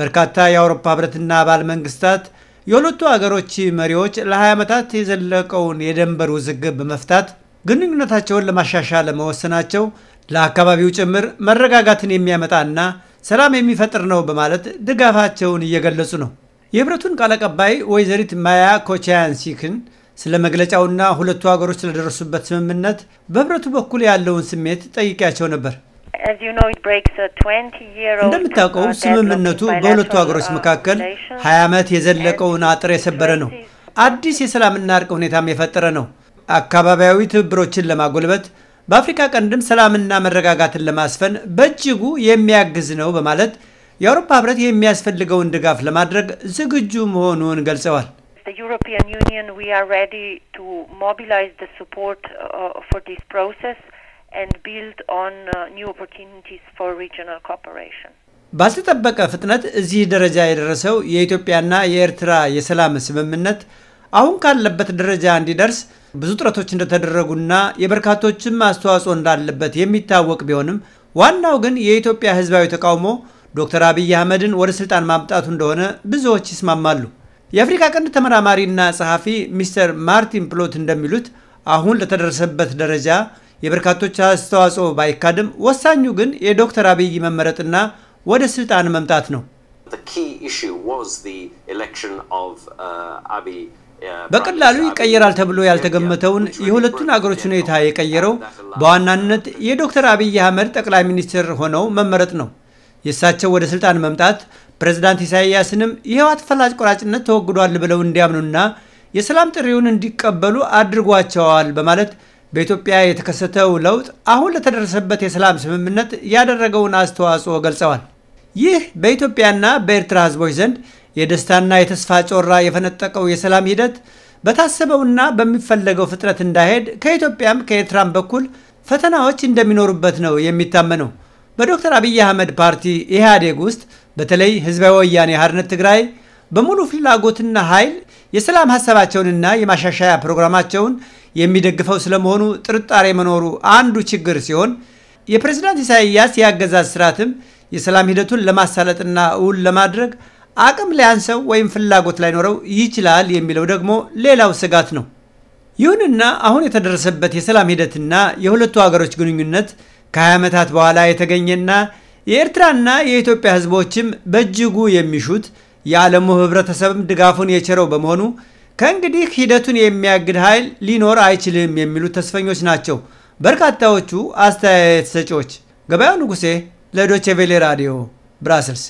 በርካታ የአውሮፓ ህብረትና አባል መንግስታት የሁለቱ አገሮች መሪዎች ለ20 ዓመታት የዘለቀውን የደንበር ውዝግብ በመፍታት ግንኙነታቸውን ለማሻሻል ለመወሰናቸው ለአካባቢው ጭምር መረጋጋትን የሚያመጣና ሰላም የሚፈጥር ነው በማለት ድጋፋቸውን እየገለጹ ነው። የህብረቱን ቃል አቀባይ ወይዘሪት ማያ ኮቻያንሲክን ስለ መግለጫውና ሁለቱ አገሮች ስለደረሱበት ስምምነት በህብረቱ በኩል ያለውን ስሜት ጠይቄያቸው ነበር። እንደምታውቀው uh, ስምምነቱ በሁለቱ ሀገሮች uh, መካከል 20 ዓመት የዘለቀውን አጥር የሰበረ ነው። አዲስ የሰላምና እርቅ ሁኔታም የፈጠረ ነው። አካባቢያዊ ትብብሮችን ለማጎልበት በአፍሪካ ቀንድም ሰላምና መረጋጋትን ለማስፈን በእጅጉ የሚያግዝ ነው በማለት የአውሮፓ ህብረት የሚያስፈልገውን ድጋፍ ለማድረግ ዝግጁ መሆኑን ገልጸዋል። ዩሮፒያን ዩኒየን ዊ አር ሬዲ ቱ ሞቢላይዝ and build on uh, new opportunities for regional cooperation. ባልተጠበቀ ፍጥነት እዚህ ደረጃ የደረሰው የኢትዮጵያና የኤርትራ የሰላም ስምምነት አሁን ካለበት ደረጃ እንዲደርስ ብዙ ጥረቶች እንደተደረጉና የበርካቶችም አስተዋጽኦ እንዳለበት የሚታወቅ ቢሆንም ዋናው ግን የኢትዮጵያ ህዝባዊ ተቃውሞ ዶክተር አብይ አህመድን ወደ ስልጣን ማምጣቱ እንደሆነ ብዙዎች ይስማማሉ። የአፍሪካ ቀንድ ተመራማሪና ጸሐፊ ሚስተር ማርቲን ፕሎት እንደሚሉት አሁን ለተደረሰበት ደረጃ የበርካቶች አስተዋጽኦ ባይካድም ወሳኙ ግን የዶክተር አብይ መመረጥና ወደ ስልጣን መምጣት ነው። uh, uh, በቀላሉ ይቀየራል ተብሎ ያልተገመተውን የሁለቱን አገሮች ሁኔታ የቀየረው በዋናነት የዶክተር አብይ አህመድ ጠቅላይ ሚኒስትር ሆነው መመረጥ ነው። የእሳቸው ወደ ስልጣን መምጣት ፕሬዝዳንት ኢሳይያስንም የህወሓት ፈላጭ ቆራጭነት ተወግዷል ብለው እንዲያምኑና የሰላም ጥሪውን እንዲቀበሉ አድርጓቸዋል በማለት በኢትዮጵያ የተከሰተው ለውጥ አሁን ለተደረሰበት የሰላም ስምምነት ያደረገውን አስተዋጽኦ ገልጸዋል። ይህ በኢትዮጵያና በኤርትራ ሕዝቦች ዘንድ የደስታና የተስፋ ጮራ የፈነጠቀው የሰላም ሂደት በታሰበውና በሚፈለገው ፍጥነት እንዳይሄድ ከኢትዮጵያም ከኤርትራም በኩል ፈተናዎች እንደሚኖሩበት ነው የሚታመነው። በዶክተር አብይ አህመድ ፓርቲ ኢህአዴግ ውስጥ በተለይ ህዝባዊ ወያኔ ሓርነት ትግራይ በሙሉ ፍላጎትና ኃይል የሰላም ሀሳባቸውንና የማሻሻያ ፕሮግራማቸውን የሚደግፈው ስለመሆኑ ጥርጣሬ መኖሩ አንዱ ችግር ሲሆን የፕሬዝዳንት ኢሳይያስ የአገዛዝ ስርዓትም የሰላም ሂደቱን ለማሳለጥና እውን ለማድረግ አቅም ሊያንሰው ወይም ፍላጎት ላይኖረው ይችላል የሚለው ደግሞ ሌላው ስጋት ነው። ይሁንና አሁን የተደረሰበት የሰላም ሂደትና የሁለቱ ሀገሮች ግንኙነት ከ20 ዓመታት በኋላ የተገኘና የኤርትራና የኢትዮጵያ ህዝቦችም በእጅጉ የሚሹት የዓለሙ ህብረተሰብም ድጋፉን የቸረው በመሆኑ ከእንግዲህ ሂደቱን የሚያግድ ኃይል ሊኖር አይችልም የሚሉ ተስፈኞች ናቸው በርካታዎቹ አስተያየት ሰጪዎች። ገበያው ንጉሴ ለዶቼቬሌ ራዲዮ ብራስልስ